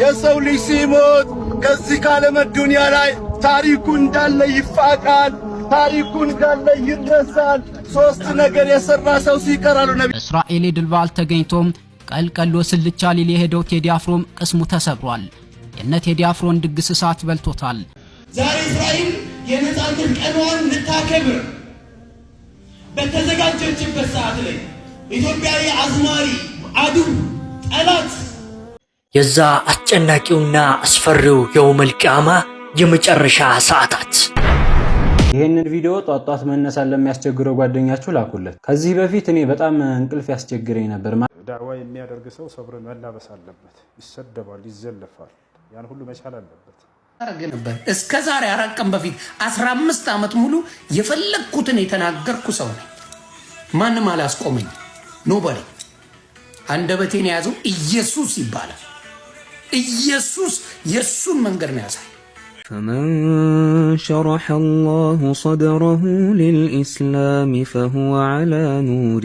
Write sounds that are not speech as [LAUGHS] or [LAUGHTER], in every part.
የሰው ልጅ ሲሞት ከዚህ ካለመ ዱንያ ላይ ታሪኩ እንዳለ ይፋቃል። ታሪኩ እንዳለ ይረሳል። ሶስት ነገር የሰራ ሰው ሲቀራሉ ነቢ እስራኤል ድል በዓል ተገኝቶም ቀልቀሎ ስልቻ ሊል የሄደው ቴዲ አፍሮም ቅስሙ ተሰብሯል። የነ ቴዲ አፍሮን ድግስ እሳት በልቶታል። ዛሬ እስራኤል የነጻነት ቀኗን ልታከብር በተዘጋጀችበት ሰዓት ላይ ኢትዮጵያዊ አዝማሪ አዱ ጠላት የዛ አስጨናቂውና አስፈሪው የውመል ቂያማ የመጨረሻ ሰዓታት። ይህንን ቪዲዮ ጧት ጧት መነሳት ለሚያስቸግረው ጓደኛችሁ ላኩለት። ከዚህ በፊት እኔ በጣም እንቅልፍ ያስቸግረኝ ነበር። ዳዋ የሚያደርግ ሰው ሰብርን መላበስ አለበት። ይሰደባል፣ ይዘለፋል። ያን ሁሉ መቻል አለበት ነበር። እስከ ዛሬ አራት ቀን በፊት 15 ዓመት ሙሉ የፈለግኩትን የተናገርኩ ሰው ነኝ። ማንም አላስቆመኝ። ኖበሪ አንደበቴን የያዘው ኢየሱስ ይባላል። ኢየሱስ የእሱን መንገድ ነው ያሳይ فمن شرح الله صدره للإسلام فهو على نور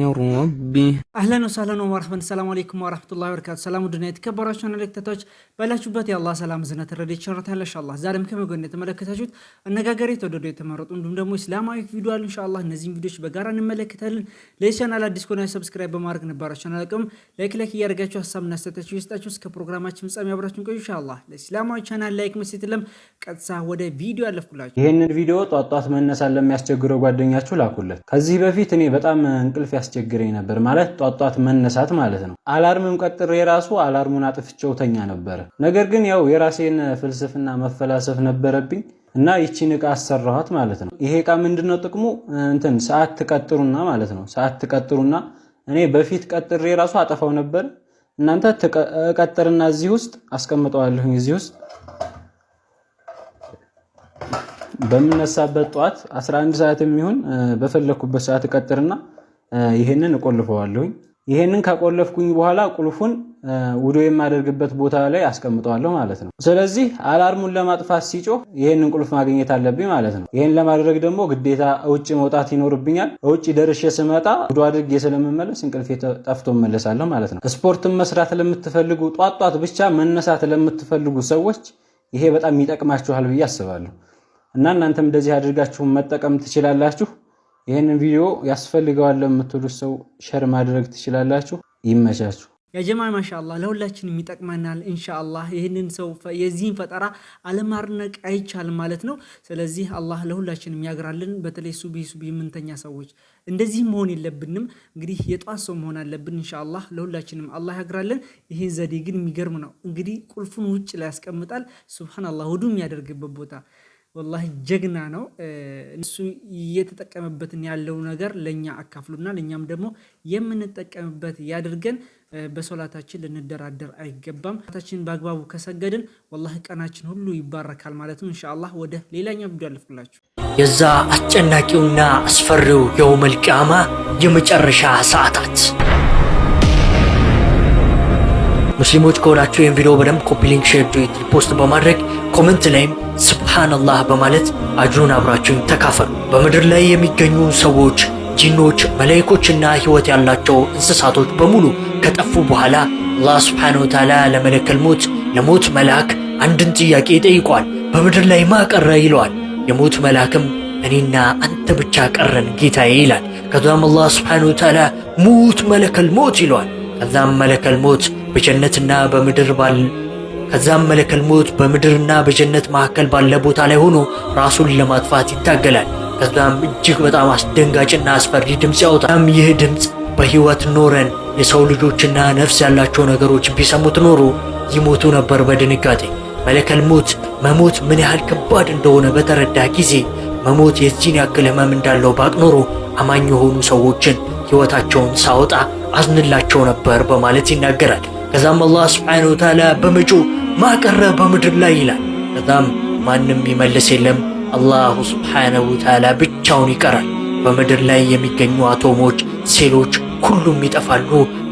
من ربه أهلا وسهلا ومرحبا السلام عليكم ورحمة الله وبركاته سلام الدنيا የተከበራችሁ ተመልካቾች በላችሁበት የአላህ ሰላም እዝነት ረድኤት ቸርነት ያለ ኢንሻአላህ ዛሬም ከመጎን የተመለከታችሁት አነጋጋሪ የተወደዱ የተመረጡ እንዲሁም ደግሞ እስላማዊ ቪዲዮ አሉ ኢንሻአላህ እነዚህን ቪዲዮዎች በጋራ እንመለከታለን። ለዚህ ቻናል አዲስ ከሆነ ሰብስክራይብ በማድረግ ነባራችሁ አላቅም ላይክ ላይክ እያደረጋችሁ ሀሳብ እናስተታችሁ ይስጣችሁ። እስከ ፕሮግራማችን ፍጻሜ አብራችሁን ቆዩ ኢንሻአላህ ለእስላም ዲራማዊ ቻናል ላይክ መስትልም ቀጥሳ ወደ ቪዲዮ አለፍኩላችሁ። ይህንን ቪዲዮ ጧጧት መነሳት ለሚያስቸግረው ጓደኛችሁ ላኩለት። ከዚህ በፊት እኔ በጣም እንቅልፍ ያስቸግረኝ ነበር፣ ማለት ጧጧት መነሳት ማለት ነው። አላርምም ቀጥሬ የራሱ አላርሙን አጥፍቼው ተኛ ነበረ። ነገር ግን ያው የራሴን ፍልስፍና መፈላሰፍ ነበረብኝ እና ይቺን እቃ አሰራኋት ማለት ነው። ይሄ እቃ ምንድነው ጥቅሙ? እንትን ሰዓት ትቀጥሩና ማለት ነው። ሰዓት ትቀጥሩና እኔ በፊት ቀጥሬ ራሱ አጠፋው ነበር እናንተ እቀጥርና እዚህ ውስጥ አስቀምጠዋለሁ። እዚህ ውስጥ በምነሳበት ጠዋት 11 ሰዓት የሚሆን በፈለኩበት ሰዓት ቀጥርና ይሄንን እቆልፈዋለሁኝ። ይሄንን ከቆለፍኩኝ በኋላ ቁልፉን ውዶ የማደርግበት ቦታ ላይ አስቀምጠዋለሁ ማለት ነው። ስለዚህ አላርሙን ለማጥፋት ሲጮህ ይሄንን ቁልፍ ማግኘት አለብኝ ማለት ነው። ይሄን ለማድረግ ደግሞ ግዴታ እውጭ መውጣት ይኖርብኛል። እውጭ ደርሼ ስመጣ ውዶ አድርጌ ስለምመለስ እንቅልፍ ጠፍቶ መለሳለሁ ማለት ነው። ስፖርትን መስራት ለምትፈልጉ፣ ጧት ጧት ብቻ መነሳት ለምትፈልጉ ሰዎች ይሄ በጣም ይጠቅማችኋል ብዬ አስባለሁ እና እናንተም እንደዚህ አድርጋችሁን መጠቀም ትችላላችሁ። ይህንን ቪዲዮ ያስፈልገዋል ለምትሉት ሰው ሸር ማድረግ ትችላላችሁ። ይመቻችሁ። ያጀማ ማሻአላህ ለሁላችንም ይጠቅመናል ኢንሻአላህ። ይህንን ሰው የዚህን ፈጠራ አለማድነቅ አይቻልም ማለት ነው። ስለዚህ አላህ ለሁላችንም ያግራልን። በተለይ ሱቢ ሱቢ የምንተኛ ሰዎች እንደዚህ መሆን የለብንም። እንግዲህ የጠዋት ሰው መሆን አለብን ኢንሻአላህ። ለሁላችንም አላህ ያግራልን። ይህን ዘዴ ግን የሚገርም ነው። እንግዲህ ቁልፉን ውጭ ላይ ያስቀምጣል። ሱብሃነላህ ውዱ የሚያደርግበት ቦታ ወላሂ ጀግና ነው። እሱ እየተጠቀመበትን ያለው ነገር ለእኛ አካፍሉና ለእኛም ደግሞ የምንጠቀምበት ያድርገን። በሶላታችን ልንደራደር አይገባም። ታችን በአግባቡ ከሰገድን ወላሂ ቀናችን ሁሉ ይባረካል ማለት ነው። እንሻአላህ ወደ ሌላኛ ቪዲዮ አልፍላችሁ። የዛ አስጨናቂውና አስፈሪው የውመል ቂያማ የመጨረሻ ሰዓታት ሙስሊሞች ከሆናችሁ ይህን ቪዲዮ በደንብ ኮፒ ሊንክ፣ ሼር፣ ዱዊት ፖስት በማድረግ ኮመንት ላይም ስብሓንላህ በማለት አጅሩን አብራችሁ ተካፈሉ። በምድር ላይ የሚገኙ ሰዎች፣ ጂኖች፣ መላይኮችና ህይወት ያላቸው እንስሳቶች በሙሉ ከጠፉ በኋላ አላህ ስብሓነ ወተዓላ ለመለከል ሞት ለሞት መልአክ አንድን ጥያቄ ጠይቋል። በምድር ላይ ማቀረ ይለዋል። የሞት መልአክም እኔና አንተ ብቻ ቀረን ጌታዬ ይላል። ከዛም አላህ ስብሓነ ወተዓላ ሙት መለከል ሞት ይለዋል። ከዛም መለከል ሞት በጀነትና በምድር ባል ከዛም መለከል ሞት በምድርና በጀነት መካከል ባለ ቦታ ላይ ሆኖ ራሱን ለማጥፋት ይታገላል። ከዛም እጅግ በጣም አስደንጋጭና አስፈሪ ድምፅ ያወጣል። ይህ ድምፅ በህይወት ኖረን የሰው ልጆችና ነፍስ ያላቸው ነገሮች ቢሰሙት ኖሮ ይሞቱ ነበር በድንጋጤ። መለከል ሞት መሞት ምን ያህል ከባድ እንደሆነ በተረዳ ጊዜ መሞት የዚህን ያክል ህመም እንዳለው ባቅ ኖሮ አማኝ የሆኑ ሰዎችን ህይወታቸውን ሳወጣ አዝንላቸው ነበር በማለት ይናገራል። ከዛም አላህ ስብሓነሁ ወተዓላ በመጮ ማቀረ በምድር ላይ ይላል። ከዛም ማንም ይመልስ የለም አላሁ ስብሓነሁ ወተዓላ ብቻውን ይቀራል። በምድር ላይ የሚገኙ አቶሞች፣ ሴሎች ሁሉም ይጠፋሉ።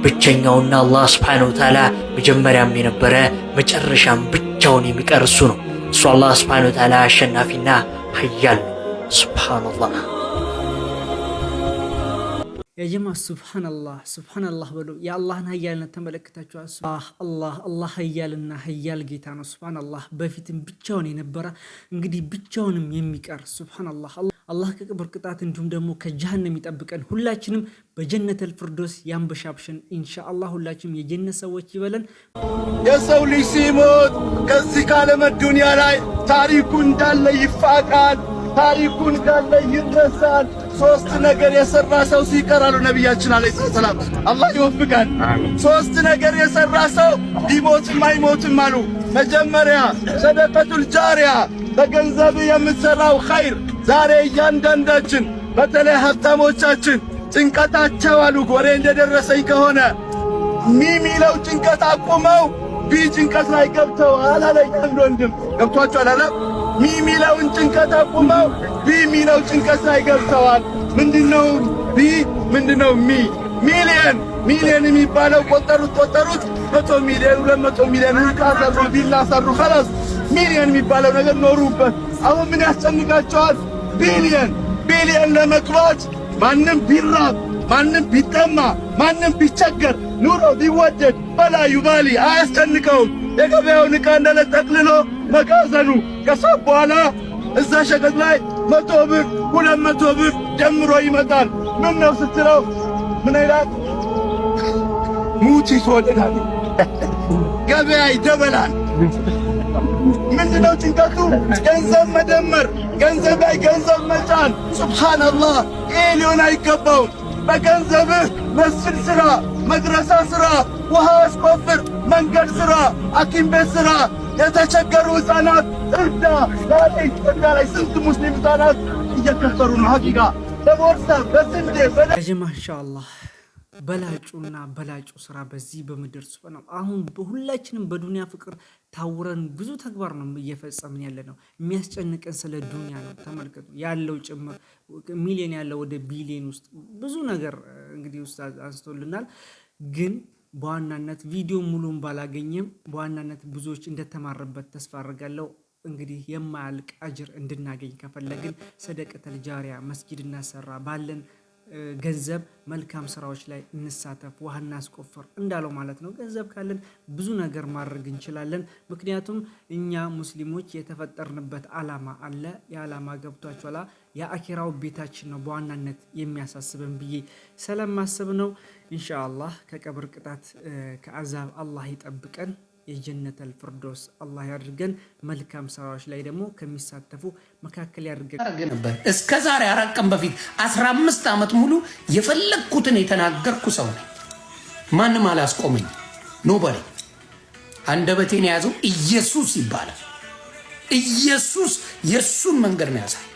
ብቸኛውና አላህ ስብሓነሁ ወተዓላ መጀመሪያም የነበረ መጨረሻም ብቻውን የሚቀር እሱ ነው። እሱ አላህ ስብሓነሁ ወተዓላ አሸናፊና ሀያል ነው። ሱብሓነላህ የጀማ ሱብሓነላህ ሱብሓነላህ በሉ። የአላህን ሀያልነት ተመለከታችኋል። አላህ አላህ ሀያልና ሀያል ጌታ ነው። ሱብሓነላህ በፊትም ብቻውን የነበረ እንግዲህ ብቻውንም የሚቀር ሱብሓነላህ። አላህ ከቅብር ቅጣት እንዲሁም ደግሞ ከጀሃነም ይጠብቀን። ሁላችንም በጀነት ፍርዶስ ያንበሻብሸን ኢንሻአላህ። ሁላችንም የጀነት ሰዎች ይበለን። የሰው ልጅ ሲሞት ከዚህ ካለመ ዱንያ ላይ ታሪኩ እንዳለ ይፋቃል። ታሪኩ እንዳለ ይረሳል። ሶስት ነገር የሰራ ሰው ሲቀር አሉ ነቢያችን አለይሂ ሰላም። አላህ ይወፍቃል። ሶስት ነገር የሰራ ሰው ቢሞትም አይሞትም አሉ። መጀመሪያ ሰደቀቱል ጃሪያ፣ በገንዘብ የምትሰራው ኸይር። ዛሬ እያንዳንዳችን በተለይ ሀብታሞቻችን ጭንቀታቸው አሉ ወሬ እንደደረሰኝ ከሆነ ሚሚለው ጭንቀት አቁመው ቢ ጭንቀት ላይ ገብተው አላለኝ አንድ ወንድም ገብቷቸው አላለም ሚሚለውን ጭንቀት አቁመው ቢሚለው ጭንቀት ላይ ገብተዋል። ምንድነው ቢ ምንድነው ሚ ሚሊየን ሚሊየን የሚባለው ቆጠሩት ቆጠሩት መቶ ሚሊየን ሁለት መቶ ሚሊየን ህንፃ ሰሩ፣ ቪላ ሰሩ። ከላስ ሚሊየን የሚባለው ነገር ኖሩበት። አሁን ምን ያስጨንቃቸዋል? ቢሊየን ቢሊየን ለመቅባት ማንም ቢራብ ማንም ቢጠማ ማንም ቢቸገር ኑሮ ቢወደድ በላዩ ባሊ አያስጨንቀውም። የገበያውን ዕቃ እንዳለ ጠቅልሎ መጋዘኑ ከሳ በኋላ እዛ ሸቀጥ ላይ መቶ ብር ሁለት መቶ ብር ደምሮ ይመጣል። ምን ነው ስትለው ምን ይላል? ሙት ይትወልዳል ገበያ ይደበላል። ምንድነው ጭንቀቱ? ገንዘብ መደመር፣ ገንዘብ ላይ ገንዘብ መጫን። ሱብሓነላህ፣ ይህ ሊሆን አይገባውም። በገንዘብህ መስል ሥራ መድረሳ ስራ ውሃ አስቆፍር፣ መንገድ ስራ፣ አኪም ቤት ስራ የተቸገሩ ህፃናት እርዳ። ዛሬ ኢትዮጵያ ላይ ስንት ሙስሊም ህፃናት እየከፈሩ ነው? ሀቂቃ በቦርሳ በስንዴ ማሻአላ በላጩና በላጩ ስራ በዚህ በምድር ስበናል። አሁን ሁላችንም በዱንያ ፍቅር ታውረን ብዙ ተግባር ነው እየፈጸምን ያለ ነው። የሚያስጨንቀን ስለ ዱንያ ነው። ተመልከቱ ያለው ጭምር ሚሊዮን ያለው ወደ ቢሊዮን ውስጥ ብዙ ነገር እንግዲህ ውስጥ አንስቶልናል። ግን በዋናነት ቪዲዮ ሙሉን ባላገኘም በዋናነት ብዙዎች እንደተማረበት ተስፋ አድርጋለሁ። እንግዲህ የማያልቅ አጅር እንድናገኝ ከፈለግን ሰደቀተል ጃሪያ መስጊድ እናሰራ ባለን ገንዘብ መልካም ስራዎች ላይ እንሳተፍ፣ ውሃ እናስቆፍር እንዳለው ማለት ነው። ገንዘብ ካለን ብዙ ነገር ማድረግ እንችላለን። ምክንያቱም እኛ ሙስሊሞች የተፈጠርንበት አላማ አለ። የዓላማ ገብቷችኋላ። የአኪራው ቤታችን ነው በዋናነት የሚያሳስበን ብዬ ስለማስብ ነው። ኢንሻአላህ ከቀብር ቅጣት ከአዛብ አላህ ይጠብቀን። የጀነት አልፍርዶስ አላህ ያድርገን። መልካም ስራዎች ላይ ደግሞ ከሚሳተፉ መካከል ያድርገን ነበር። እስከ ዛሬ አራት ቀን በፊት 15 ዓመት ሙሉ የፈለግኩትን የተናገርኩ ሰው ነኝ። ማንም አላስቆመኝ። ኖበሪ አንደበቴን የያዘው ኢየሱስ ይባላል። ኢየሱስ የእሱን መንገድ ነው ያሳይ።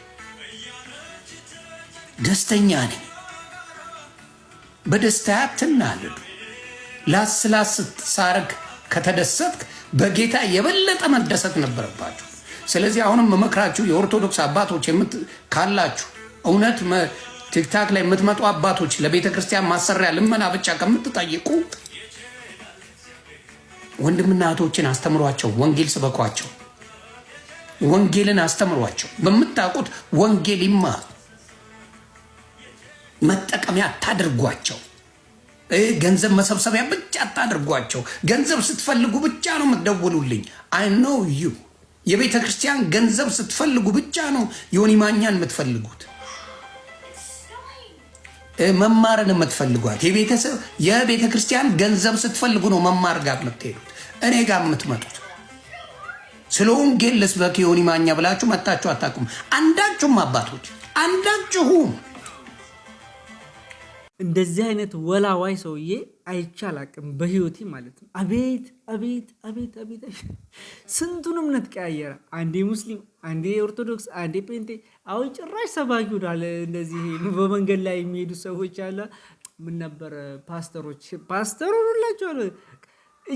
ደስተኛ ነኝ። በደስታ ትናልዱ ላስላስ ሳረግ ከተደሰትክ በጌታ የበለጠ መደሰት ነበረባችሁ። ስለዚህ አሁንም መመክራችሁ የኦርቶዶክስ አባቶች ካላችሁ እውነት ቲክታክ ላይ የምትመጡ አባቶች ለቤተ ክርስቲያን ማሰሪያ ልመና ብቻ ከምትጠይቁ ወንድምና እህቶችን አስተምሯቸው፣ ወንጌል ስበኳቸው፣ ወንጌልን አስተምሯቸው። በምታውቁት ወንጌል ይማ መጠቀሚያ አታድርጓቸው። ገንዘብ መሰብሰቢያ ብቻ አታድርጓቸው። ገንዘብ ስትፈልጉ ብቻ ነው የምትደውሉልኝ። አይ ኖው ዩ የቤተ ክርስቲያን ገንዘብ ስትፈልጉ ብቻ ነው ዮኒ ማኛን የምትፈልጉት መማርን የምትፈልጓት የቤተሰብ የቤተ ክርስቲያን ገንዘብ ስትፈልጉ ነው መማር ጋር የምትሄዱት፣ እኔ ጋር የምትመጡት። ስለ ወንጌል ልስበክ ዮኒ ማኛ ብላችሁ መታችሁ አታውቁም። አንዳችሁም አባቶች አንዳችሁም እንደዚህ አይነት ወላዋይ ሰውዬ አይቼ አላቅም በህይወቴ ማለት ነው። አቤት አቤት አቤት አቤት! ስንቱን እምነት ቀያየረ። አንዴ ሙስሊም፣ አንዴ ኦርቶዶክስ፣ አንዴ ጴንቴ፣ አሁን ጭራሽ ሰባኪ ሆኗል። እንደዚህ በመንገድ ላይ የሚሄዱ ሰዎች አለ ምን ነበር ፓስተሮች ፓስተር ሆኑላቸዋል።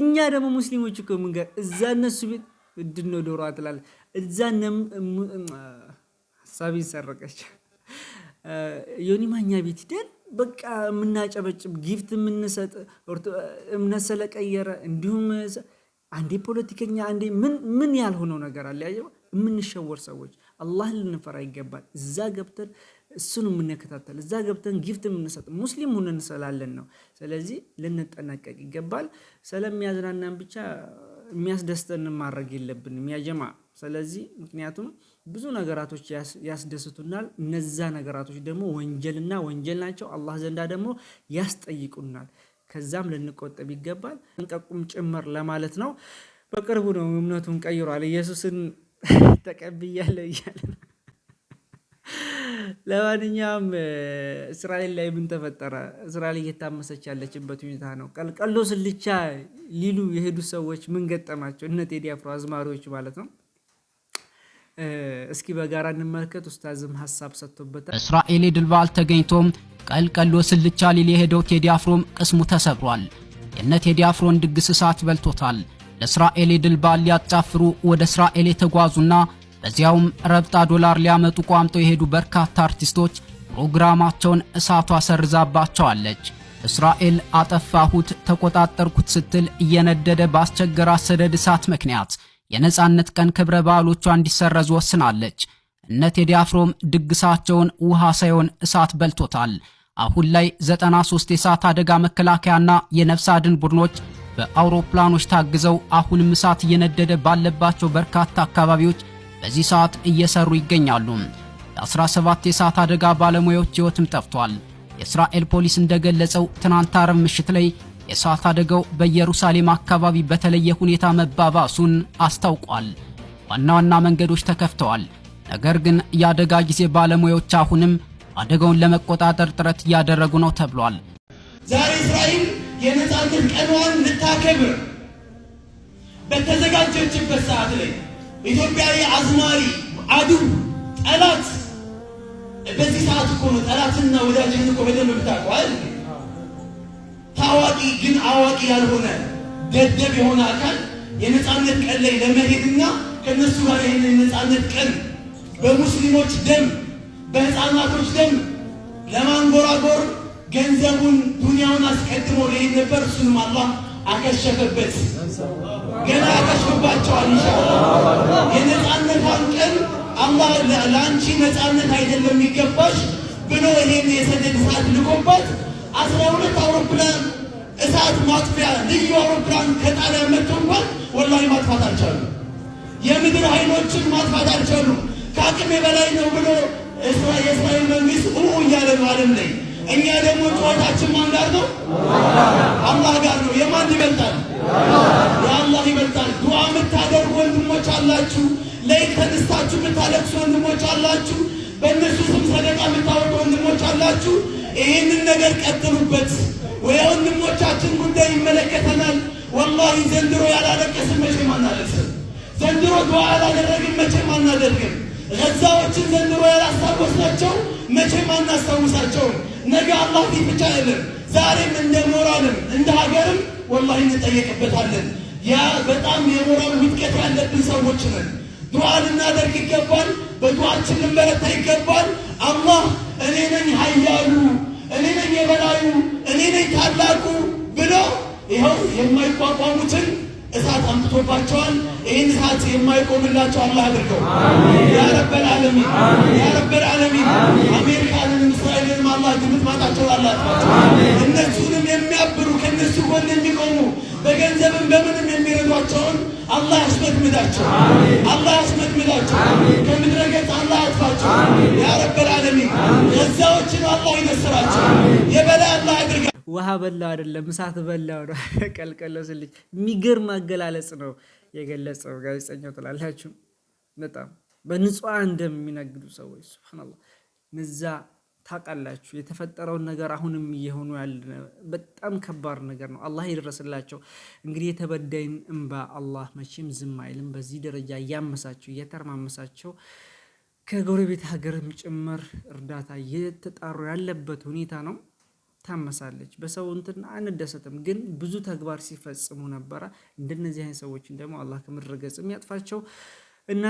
እኛ ደግሞ ሙስሊሞች እኮ መንገድ እዛ እነሱ ቤት ምንድን ነው ዶሮ አትላለ እዛ ሀሳቤን ሰረቀች ዮኒ ማኛ ቤት ሂደን በቃ የምናጨበጭብ ጊፍት የምንሰጥ እምነት ስለቀየረ እንዲሁም አንዴ ፖለቲከኛ አንዴ ምን ምን ያልሆነው ነገር አለ። ያየ የምንሸወር ሰዎች አላህን ልንፈራ ይገባል። እዛ ገብተን እሱን የምንከታተል እዛ ገብተን ጊፍት የምንሰጥ ሙስሊም ሁነን ስላለን ነው። ስለዚህ ልንጠናቀቅ ይገባል። ስለሚያዝናናን ብቻ የሚያስደስተን ማድረግ የለብንም ያጀማ። ስለዚህ ምክንያቱም ብዙ ነገራቶች ያስደስቱናል። እነዛ ነገራቶች ደግሞ ወንጀልና ወንጀል ናቸው፣ አላህ ዘንዳ ደግሞ ያስጠይቁናል። ከዛም ልንቆጠብ ይገባል፣ እንጠቁም ጭምር ለማለት ነው። በቅርቡ ነው እምነቱን ቀይሯል። ኢየሱስን [LAUGHS] ተቀብያለሁ እያለ ለማንኛውም እስራኤል ላይ ምን ተፈጠረ? እስራኤል እየታመሰች ያለችበት ሁኔታ ነው። ቀልቀሎ ስልቻ ሊሉ የሄዱ ሰዎች ምን ገጠማቸው? እነ ቴዲ አፍሮ አዝማሪዎች ማለት ነው። እስኪ በጋራ እንመልከት። ኡስታዝም ሀሳብ ሰጥቶበታል። እስራኤል ድል በዓል ተገኝቶም ቀልቀሎ ስልቻ ሊል የሄደው ቴዲ አፍሮም ቅስሙ ተሰብሯል። የነ ቴዲ አፍሮን ድግስ እሳት በልቶታል። ለእስራኤል ድል በዓል ሊያጫፍሩ ወደ እስራኤል የተጓዙና በዚያውም ረብጣ ዶላር ሊያመጡ ቋምጠው የሄዱ በርካታ አርቲስቶች ፕሮግራማቸውን እሳቷ ሰርዛባቸዋለች። እስራኤል አጠፋሁት ተቆጣጠርኩት ስትል እየነደደ ባስቸገራት ሰደድ እሳት ምክንያት የነጻነት ቀን ክብረ በዓሎቿ እንዲሰረዙ ወስናለች። እነ ቴዲ አፍሮም ድግሳቸውን ውሃ ሳይሆን እሳት በልቶታል። አሁን ላይ 93 የእሳት አደጋ መከላከያና የነፍስ አድን ቡድኖች በአውሮፕላኖች ታግዘው አሁንም እሳት እየነደደ ባለባቸው በርካታ አካባቢዎች በዚህ ሰዓት እየሰሩ ይገኛሉ። የ17 የእሳት አደጋ ባለሙያዎች ሕይወትም ጠፍቷል። የእስራኤል ፖሊስ እንደገለጸው ትናንት አረብ ምሽት ላይ የእሳት አደጋው በኢየሩሳሌም አካባቢ በተለየ ሁኔታ መባባሱን አስታውቋል። ዋና ዋና መንገዶች ተከፍተዋል። ነገር ግን የአደጋ ጊዜ ባለሙያዎች አሁንም አደጋውን ለመቆጣጠር ጥረት እያደረጉ ነው ተብሏል። ዛሬ እስራኤል የነጻነት ቀኗን ልታከብር በተዘጋጀችበት ሰዓት ላይ ኢትዮጵያዊ አዝማሪ አዱ ጠላት በዚህ ሰዓት እኮ ነው ጠላትና ወዳጅ እኮ በደንብ ብታውቀዋል ታዋቂ ግን አዋቂ ያልሆነ ደደብ የሆነ አካል የነፃነት ቀን ላይ ለመሄድና ከእነሱ ጋር ይህን የነፃነት ቀን በሙስሊሞች ደም በህፃናቶች ደም ለማንጎራጎር ገንዘቡን ዱንያውን አስቀድሞ ሊሄድ ነበር። እሱንም አላህ አከሸፈበት። ገና ያከሽፍባቸዋል ኢንሻአላህ። የነፃነቷን ቀን አላህ ለአንቺ ነፃነት አይደለም የሚገባሽ ብሎ ይሄን የሰደድ ሰዓት ልቆባት አስራ ሁለት አውሮፕላን እሳት ማጥፊያ ልዩ አውሮፕላን ከጣሊያን መጥቶ እንኳን ወላሂ ማጥፋት አልቻሉም። የምድር ኃይሎችን ማጥፋት አልቻሉም። ከአቅሜ በላይ ነው ብሎ የእስራኤል መንግስት ኡ እያለ ነው ዓለም ላይ። እኛ ደግሞ ጨዋታችን ማን ጋር ነው? አላህ ጋር ነው። የማን ይበልጣል? የአላህ ይበልጣል። ዱዓ የምታደርጉ ወንድሞች አላችሁ። ለይት ተነስታችሁ የምታለቅሱ ወንድሞች አላችሁ። በእነሱ ስም ሰደቃ የምታወጡ ወንድሞች አላችሁ። ይህንን ነገር ቀጥሉበት። የወንድሞቻችን ጉዳይ ይመለከተናል። ወላሂ ዘንድሮ ያላለቀስን መቼም አናለቅስም። ዘንድሮ ዱዓ ያላደረግን መቼም አናደርግም። ገዛዎችን ዘንድሮ ያላስታወስናቸው መቼም አናስታውሳቸውም። ነገ አላህ ፊት ብቻ አይደለም፣ ዛሬም እንደ ሞራልም እንደ ሀገርም ወላሂ እንጠየቅበታለን። ያ በጣም የሞራል ውድቀት ያለብን ሰዎች ነን። ዱዓ ልናደርግ ይገባል። በዱዓችን ልንበረታ ይገባል። አላህ እኔ ነኝ ኃያሉ፣ እኔ ነኝ የበላዩ፣ እኔ ነኝ ታላቁ ብሎ ይኸው የማይቋቋሙትን እሳት አምጥቶባቸዋል። ይህን እሳት የማይቆምላቸው አላህ አድርገው። ያ ረበል ዓለሚን ያ ረበል ዓለሚን። አሜሪካንን እስራኤልን አላህ ግምት ማጣቸው አላጥፋቸው። እነሱንም የሚያብሩ ከእነሱ ጎን የሚቆሙ በገንዘብም በምንም የሚረዷቸውን አላህ ያስመድምዳቸው። አላህ ያስመድምዳቸው ከምድረ ገጽ አላህ ውሃ በላው አይደለም እሳት በላው ነው። [LAUGHS] ቀልቀለው ስልጅ የሚገርም አገላለጽ ነው የገለጸው ጋዜጠኛው ትላላችሁ። በጣም በንጹሐን ደም ሰዎች ሱብሃነላህ እነዛ ታውቃላችሁ የተፈጠረውን ነገር አሁንም እየሆኑ ያለ በጣም ከባድ ነገር ነው። አላህ ይደረስላቸው። እንግዲህ የተበዳይን እንባ አላህ መቼም ዝም አይልም። በዚህ ደረጃ እያመሳቸው እየተርማመሳቸው ከጎረቤት ሀገርም ጭምር እርዳታ እየተጣሩ ያለበት ሁኔታ ነው። ታመሳለች። በሰው እንትን አንደሰትም፣ ግን ብዙ ተግባር ሲፈጽሙ ነበረ። እንደነዚህ አይነት ሰዎችን ደግሞ አላህ ከምድረ የሚያጥፋቸው እና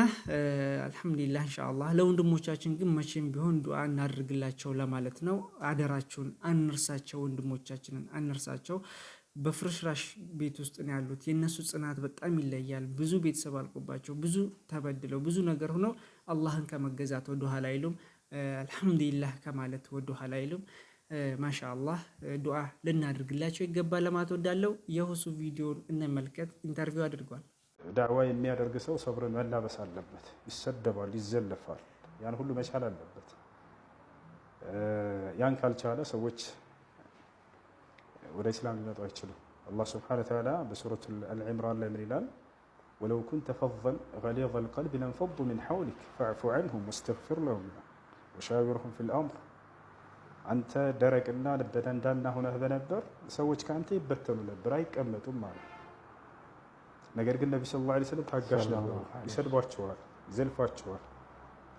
አልሐምዱሊላህ እንሻአላህ ለወንድሞቻችን ግን መቼም ቢሆን ዱዓ እናድርግላቸው ለማለት ነው። አደራችሁን አንርሳቸው፣ ወንድሞቻችንን አንርሳቸው። በፍርሽራሽ ቤት ውስጥ ነው ያሉት። የእነሱ ጽናት በጣም ይለያል። ብዙ ቤተሰብ አልቆባቸው፣ ብዙ ተበድለው፣ ብዙ ነገር ሆነው አላህን ከመገዛት ወደ ኋላ አይሉም። አልሐምዱሊላህ ከማለት ወደ ኋላ አይሉም። ማሻአላህ ዱዓ ልናደርግላቸው ይገባል ለማለት ወዳለው የሁሱ ቪዲዮን እንመልከት። ኢንተርቪው አድርጓል። ዳዕዋ የሚያደርግ ሰው ሰብርን መላበስ አለበት። ይሰደባል፣ ይዘለፋል። ያን ሁሉ መቻል አለበት። ያን ካልቻለ ሰዎች ወደ ኢስላም ሊመጡ አይችሉም። አላህ ስብሐነ ወተዓላ በሱረቱል አልዕምራን ላይ ምን ይላል? ولو كنت فظا غليظ القلب لانفضوا من حولك فاعف عنهم واستغفر لهم وشاورهم في الامر انت درقنا نبدا دانا هنا هذا نبر سويت كانت يبتلوا نبر اي كمتم مال نقر قلنا بس الله عليه وسلم تعقاش له يسلب وارتشوار زلف وارتشوار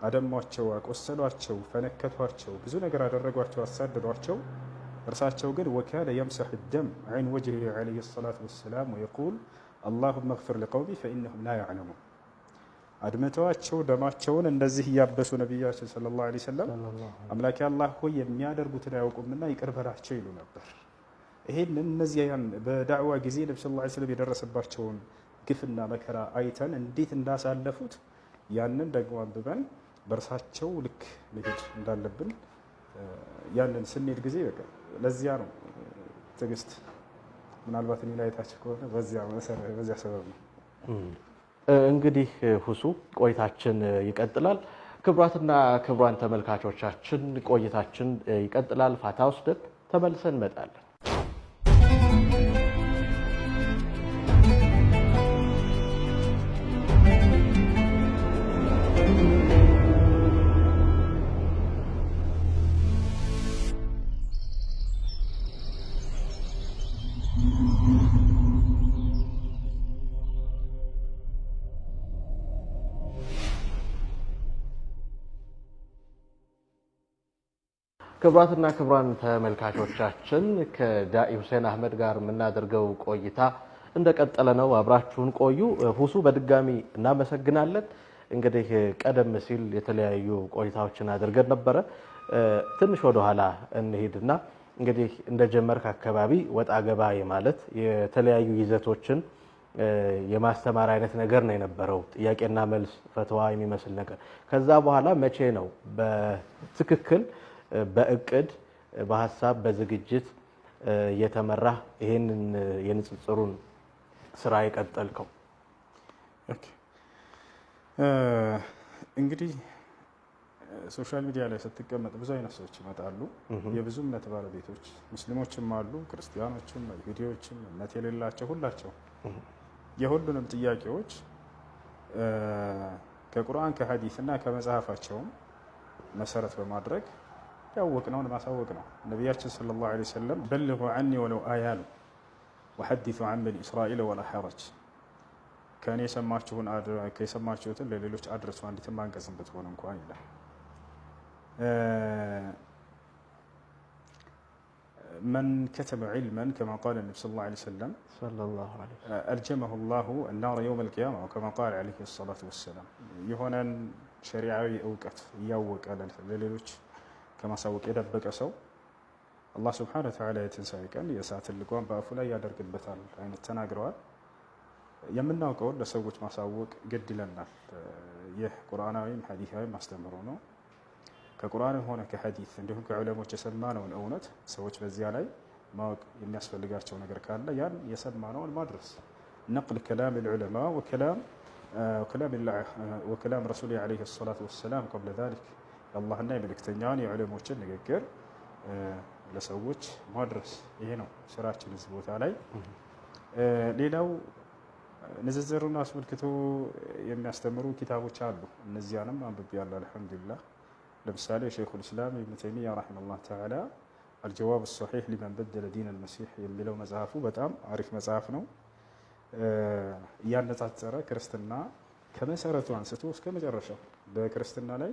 عدم وارتشوار قسل وارتشوار فنكت وارتشوار بزو نقر عدرق وارتشوار سادد وارتشوار رسالة وقال وكان يمسح الدم عن وجهه عليه الصلاة والسلام ويقول አላሁመ ግፍር ሊቀውሚ ፈኢነሁም ላ ያዕለሙን አድምተዋቸው ደማቸውን እንደዚህ እያበሱ ነቢያችን ሰለላሁ ዐለይሂ ወሰለም አምላኬ አላህ ሆይ የሚያደርጉትን አያውቁምና ይቅር በላቸው ይሉ ነበር። ይሄን እነዚያን በዳዕዋ ጊዜ ነቢ ሰለላሁ ዐለይሂ ወሰለም የደረሰባቸውን ግፍና መከራ አይተን እንዴት እንዳሳለፉት ያንን ደግሞ አንብበን በእርሳቸው ልክ መሄድ እንዳለብን ያንን ስንሄድ ጊዜ በቃ ለዚያ ነው ትዕግስት ምናልባት እኔ ላይ ታችሁ ከሆነ በዚያ መሰረት በዚያ ሰበብ ነው። እንግዲህ ሁሱ ቆይታችን ይቀጥላል። ክቡራትና ክቡራን ተመልካቾቻችን ቆይታችን ይቀጥላል። ፋታ ውስደት ተመልሰን እንመጣለን። ክቡራትና ክቡራን ተመልካቾቻችን ከዳኢ ሁሴን አህመድ ጋር የምናደርገው ቆይታ እንደቀጠለ ነው። አብራችሁን ቆዩ። ሁሱ በድጋሚ እናመሰግናለን። እንግዲህ ቀደም ሲል የተለያዩ ቆይታዎችን አድርገን ነበረ። ትንሽ ወደኋላ እንሄድና እንግዲህ እንደ ጀመርክ አካባቢ ወጣ ገባ ማለት የተለያዩ ይዘቶችን የማስተማር አይነት ነገር ነው የነበረው፣ ጥያቄና መልስ ፈተዋ የሚመስል ነገር። ከዛ በኋላ መቼ ነው በትክክል በእቅድ በሀሳብ በዝግጅት የተመራ ይሄንን የንጽጽሩን ስራ የቀጠልከው? እንግዲህ ሶሻል ሚዲያ ላይ ስትቀመጥ ብዙ አይነት ሰዎች ይመጣሉ። የብዙ እምነት ባለቤቶች ሙስሊሞችም አሉ፣ ክርስቲያኖችም፣ ይሁዲዎችም እምነት የሌላቸው ሁላቸው የሁሉንም ጥያቄዎች ከቁርአን ከሀዲስ እና ከመጽሐፋቸውም መሰረት በማድረግ ያወቅ ነውን ማሳወቅ ነው። ነቢያችን ሰለላሁ ዐለይሂ ወሰለም በልሁ ዐኒ ወለው አያ ነው። ወሐዲሱ ዐን በኒ እስራኤል ወላ ሐረጅ ከእኔ የሰማችሁትን ለሌሎች አድረሱ አንዲትም አንቀጽም ብትሆን እንኳን ይላል። መን ከተመ ዒልመን ከማ ቃለ ነቢ ሰለላሁ ዐለይሂ ወሰለም አልጀመሁ ላሁ ናረ የውመል ቂያማ ከማ ቃለ ዐለይሂ ሰላቱ ወሰላም የሆነን ሸሪዓዊ እውቀት እያወቀ ለሌሎች ከማሳወቅ የደበቀ ሰው አላህ ስብሓነ ወተዓላ የትንሣኤ ቀን የእሳትን ልጓም በአፉ ላይ ያደርግበታል አይነት ተናግረዋል። የምናውቀውን ለሰዎች ማሳወቅ ግድ ይለናል። ይህ ቁርአናዊም ሐዲታዊም አስተምሮ ነው። ከቁርአንም ሆነ ከሐዲት እንዲሁም ከዑለሞች የሰማነውን እውነት ሰዎች በዚያ ላይ ማወቅ የሚያስፈልጋቸው ነገር ካለ ያን የሰማነውን ማድረስ ነቅል ከላም ልዑለማ ወከላም ረሱል ዓለይሂ ሰላቱ ወሰላም ቀብለ ዛሊክ የአላህና የመልእክተኛን የዑለሞችን ንግግር ለሰዎች ማድረስ ይሄ ነው ስራችን እዚህ ቦታ ላይ። ሌላው ንዝዝሩን አስመልክቶ የሚያስተምሩ ኪታቦች አሉ። እነዚያንም አንብቤያለሁ አልሐምዱሊላህ። ለምሳሌ ሸይኹል ኢስላም ኢብኑ ተይሚያ ረሂመሁላህ ተዓላ አልጀዋብ ሶሒሕ ሊመን በደለ ዲን አልመሲሕ የሚለው መጽሐፉ በጣም አሪፍ መጽሐፍ ነው። እያነጻጸረ ክርስትና ከመሰረቱ አንስቶ እስከ መጨረሻው በክርስትና ላይ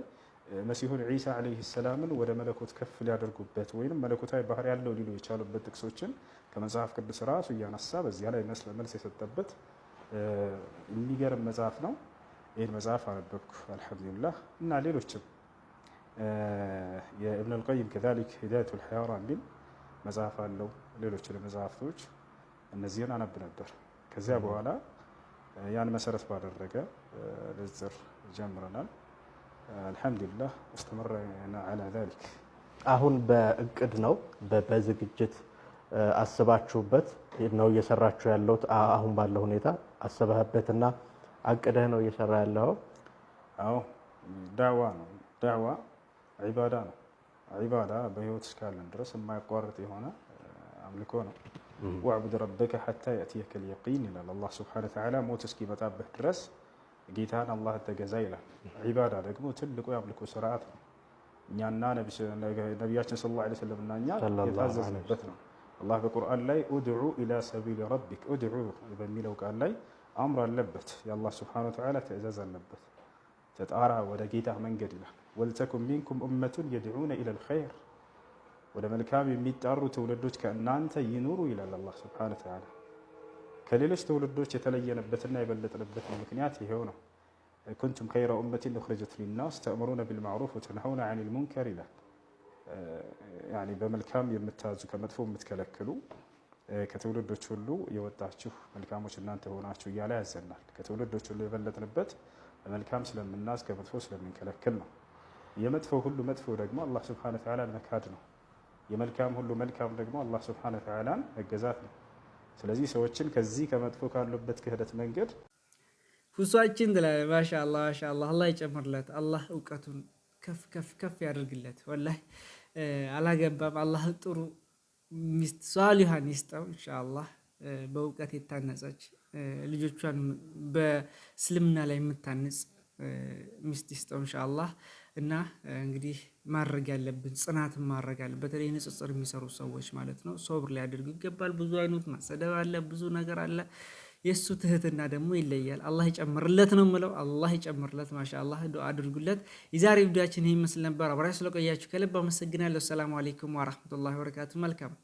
መሲሁን ዒሳ ዓለይህ ሰላምን ወደ መለኮት ከፍ ሊያደርጉበት ወይም መለኮታዊ ባህር ያለው ሊሉ የቻሉበት ጥቅሶችን ከመጽሐፍ ቅዱስ ራሱ እያነሳ በዚያ ላይ መልስ የሰጠበት የሚገርም መጽሐፍ ነው። ይህን መጽሐፍ አነበብኩ አልሐምዱሊላህ። እና ሌሎችም የእብን አልቀይም ከዛሊክ ሂዳያቱ ሐይራን የሚል መጽሐፍ አለው። ሌሎች መጽሐፍቶች እነዚህን አነብ ነበር። ከዚያ በኋላ ያን መሰረት ባደረገ ልዝር ጀምረናል። አልሐምዱሊላህ እስተመረና አላ ዛሊክ። አሁን በእቅድ ነው በዝግጅት አስባችሁበት ነው እየሰራችሁ ያለሁት? አሁን ባለው ሁኔታ አስበህበትና አቅደህ ነው እየሰራ ያለው? አዎ ዳዕዋ ነው። ዳዕዋ ዒባዳ ነው። ዒባዳ በህይወት እስካለን ድረስ የማያቋርጥ የሆነ አምልኮ ነው። ወዕቡድ ረበከ ሐታ የእትየከል የቂን ይላል አላህ ስብሓነሁ ወተዓላ ሞት እስኪመጣብህ ድረስ ጌታን አላህ ተገዛ ይላል። ዒባዳ ደግሞ ትልቁ የአምልኮ ስርዓት ነው። እኛና ነቢያችን ሰለላሁ ዐለይሂ ወሰለም እና እኛ የታዘዝንበት ነው። አላህ በቁርአን ላይ ኡድዑ ኢላ ሰቢል ረቢክ ኡድዑ በሚለው ቃል ላይ አምር አለበት። የአላህ ሱብሓነሁ ወተዓላ ትእዛዝ አለበት። ተጣራ ወደ ጌታ መንገድ ይላል። ወልተኩም ሚንኩም ኡመቱን የድዑነ ኢለል ኸይር፣ ወደ መልካም የሚጣሩ ትውልዶች ከእናንተ ይኑሩ ይላል አላህ ሱብሓነሁ ወተዓላ ከሌሎች ትውልዶች የተለየንበትና የበለጥንበት ምክንያት ይሄው ነው። ኩንቱም ከይረ ኡመቲን ኡኽሪጀት ሊናስ ተእምሩነ ቢልማዕሩፍ ወተንሀውነ ዐኒል ሙንከር ይላል። በመልካም የምታዙ ከመጥፎ የምትከለክሉ ከትውልዶች ሁሉ የወጣችሁ መልካሞች እናንተ የሆናችሁ እያለ ያዘናል። ከትውልዶች ሁሉ የበለጥንበት መልካም ስለምናዝ ከመጥፎ ስለምንከለክል ነው። የመጥፎ ሁሉ መጥፎ ደግሞ አላህ ስብሓነ ወተዓላን መካድ ነው። የመልካም ሁሉ መልካም ደግሞ አላህ ስብሓነ ወተዓላን መገዛት ነው። ስለዚህ ሰዎችን ከዚህ ከመጥፎ ካሉበት ክህደት መንገድ ሁሷችን ትላለህ። ማሻአላ ማሻአላ፣ አላህ ይጨምርለት፣ አላህ እውቀቱን ከፍ ከፍ ከፍ ያደርግለት። ወላሂ አላገባም፣ አላህ ጥሩ ሚስት ሷሊሃን ይስጠው ኢንሻአላህ። በእውቀት የታነጸች ልጆቿን በእስልምና ላይ የምታንጽ ሚስት ይስጠው ኢንሻአላህ። እና እንግዲህ ማድረግ ያለብን ጽናትን ማድረግ አለ በተለይ ንጽጽር የሚሰሩ ሰዎች ማለት ነው። ሶብር ሊያደርጉ ይገባል። ብዙ አይነት ማሰደብ አለ፣ ብዙ ነገር አለ። የእሱ ትህትና ደግሞ ይለያል። አላህ ይጨምርለት ነው የምለው። አላህ ይጨምርለት። ማሻአላህ ዱአ አድርጉለት። የዛሬ ቪዲዮችን ይህ ይመስል ነበር። አብራችሁ ስለቆያችሁ ከልብ አመሰግናለሁ። ሰላም አሌይኩም ወራህመቱላሂ ወበረካቱ። መልካም